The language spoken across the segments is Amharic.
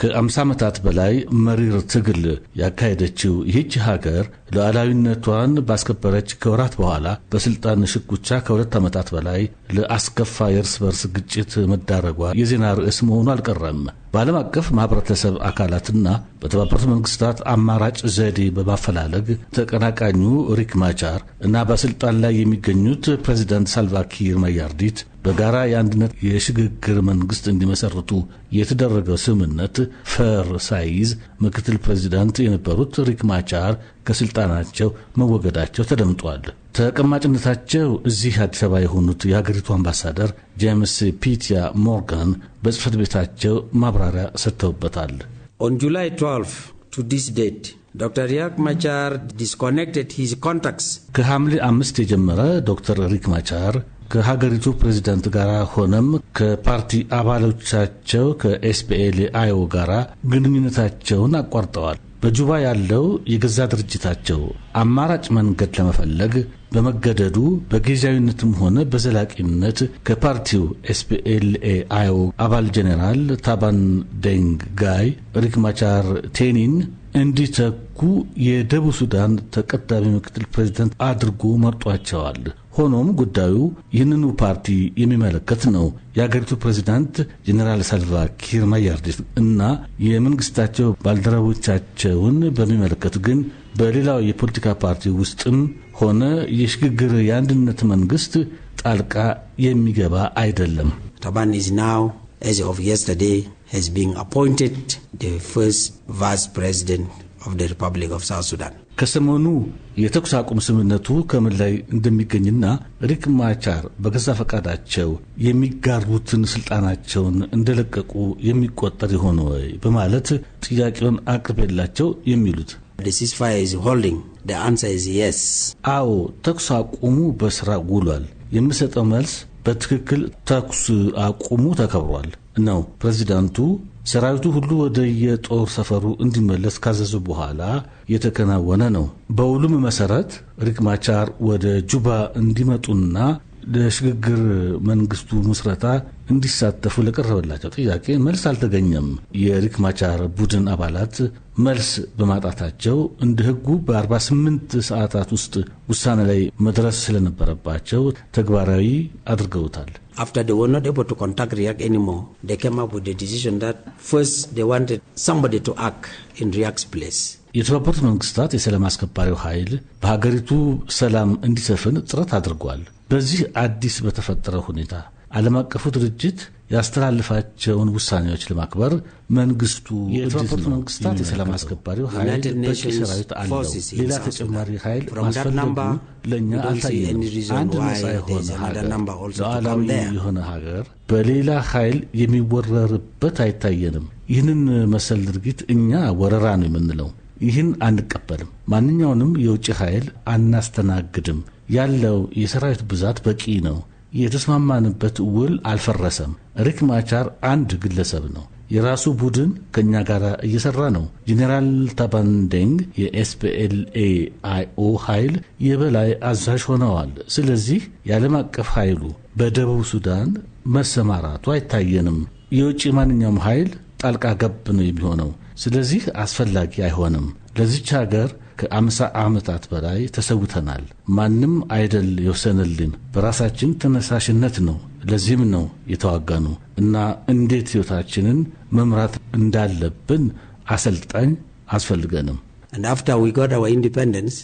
ከአምሳ ዓመታት በላይ መሪር ትግል ያካሄደችው ይህች ሀገር ሉዓላዊነቷን ባስከበረች ከወራት በኋላ በስልጣን ሽኩቻ ከሁለት ዓመታት በላይ ለአስከፋ የእርስ በርስ ግጭት መዳረጓ የዜና ርዕስ መሆኑ አልቀረም። በዓለም አቀፍ ማህበረተሰብ አካላትና በተባበሩት መንግስታት አማራጭ ዘዴ በማፈላለግ ተቀናቃኙ ሪክ ማቻር እና በስልጣን ላይ የሚገኙት ፕሬዚዳንት ሳልቫኪር ማያርዲት በጋራ የአንድነት የሽግግር መንግስት እንዲመሰርቱ የተደረገው ስምምነት ፈር ሳይዝ ምክትል ፕሬዚዳንት የነበሩት ሪክ ማቻር ከስልጣናቸው መወገዳቸው ተደምጧል። ተቀማጭነታቸው እዚህ አዲስ አበባ የሆኑት የሀገሪቱ አምባሳደር ጄምስ ፒቲያ ሞርጋን በጽህፈት ቤታቸው ማብራሪያ ሰጥተውበታል። 12 to this date, ዶክተር ሪክ ማቻር ዲስኮኔክትድ ሂዝ ኮንታክትስ ከሐምሌ አምስት የጀመረ ዶክተር ሪክ ማቻር ከሀገሪቱ ፕሬዚዳንት ጋር ሆነም ከፓርቲ አባሎቻቸው አይኦ ጋር ግንኙነታቸውን አቋርጠዋል። በጁባ ያለው የገዛ ድርጅታቸው አማራጭ መንገድ ለመፈለግ በመገደዱ በጊዜያዊነትም ሆነ በዘላቂነት ከፓርቲው ኤስፒኤልኤ አዮ አባል ጄኔራል ታባን ደንግ ጋይ ሪክ ማቻር ቴኒን እንዲተኩ የደቡብ ሱዳን ተቀዳሚ ምክትል ፕሬዚደንት አድርጎ መርጧቸዋል። ሆኖም ጉዳዩ ይህንኑ ፓርቲ የሚመለከት ነው። የአገሪቱ ፕሬዚዳንት ጀኔራል ሳልቫ ኪር ማያርዲት እና የመንግስታቸው ባልደረቦቻቸውን በሚመለከት ግን በሌላው የፖለቲካ ፓርቲ ውስጥም ሆነ የሽግግር የአንድነት መንግስት ጣልቃ የሚገባ አይደለም። ታባን ኢዝ ናው as of of the Republic of South Sudan። ከሰሞኑ የተኩስ አቁም ስምምነቱ ከምን ላይ እንደሚገኝና ሪክ ማቻር በገዛ ፈቃዳቸው የሚጋሩትን ስልጣናቸውን እንደለቀቁ የሚቆጠር የሆነ ወይ በማለት ጥያቄውን አቅርቤላቸው የሚሉት አዎ ተኩስ አቁሙ በስራ ውሏል። የምሰጠው መልስ በትክክል ተኩስ አቁሙ ተከብሯል ነው ፕሬዚዳንቱ ሰራዊቱ ሁሉ ወደ የጦር ሰፈሩ እንዲመለስ ካዘዙ በኋላ የተከናወነ ነው። በውሉም መሰረት ሪክ ማቻር ወደ ጁባ እንዲመጡና ለሽግግር መንግስቱ ምስረታ እንዲሳተፉ ለቀረበላቸው ጥያቄ መልስ አልተገኘም። የሪክ ማቻር ቡድን አባላት መልስ በማጣታቸው እንደ ህጉ በ48 ሰዓታት ውስጥ ውሳኔ ላይ መድረስ ስለነበረባቸው ተግባራዊ አድርገውታል። After they were not able to contact React anymore, they came up with the decision that first they wanted somebody to act in React's place. የተባበሩት መንግስታት የሰላም አስከባሪው ኃይል በሀገሪቱ ሰላም እንዲሰፍን ጥረት አድርጓል። በዚህ አዲስ በተፈጠረ ሁኔታ ዓለም አቀፉ ድርጅት ያስተላልፋቸውን ውሳኔዎች ለማክበር መንግስቱ የተባበሩት መንግስታት የሰላም አስከባሪው ኃይል በቂ ሰራዊት አለው። ሌላ ተጨማሪ ኃይል ማስፈለጉ ለእኛ አልታየም። አንድ ነጻ የሆነ ሀገር ሉዓላዊ የሆነ ሀገር በሌላ ኃይል የሚወረርበት አይታየንም። ይህንን መሰል ድርጊት እኛ ወረራ ነው የምንለው። ይህን አንቀበልም። ማንኛውንም የውጭ ኃይል አናስተናግድም። ያለው የሰራዊት ብዛት በቂ ነው። የተስማማንበት ውል አልፈረሰም። ሪክ ማቻር አንድ ግለሰብ ነው። የራሱ ቡድን ከእኛ ጋር እየሰራ ነው። ጄኔራል ታባንዴንግ አይኦ ኃይል የበላይ አዛዥ ሆነዋል። ስለዚህ የዓለም አቀፍ ኃይሉ በደቡብ ሱዳን መሰማራቱ አይታየንም። የውጭ ማንኛውም ኃይል ጣልቃ ገብ ነው የሚሆነው። ስለዚህ አስፈላጊ አይሆንም ለዚች ሀገር ከአምሳ ዓመታት በላይ ተሰውተናል። ማንም አይደል የወሰነልን፣ በራሳችን ተነሳሽነት ነው። ለዚህም ነው የተዋጋኑ እና እንዴት ሕይወታችንን መምራት እንዳለብን አሰልጣኝ አስፈልገንም። And after we got our independence,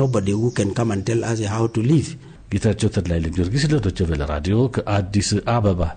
nobody who can come and tell us how to live. ጌታቸው ተድላይ ለጊዮርጊስ ለዶቸ ቬለ ራዲዮ ከአዲስ አበባ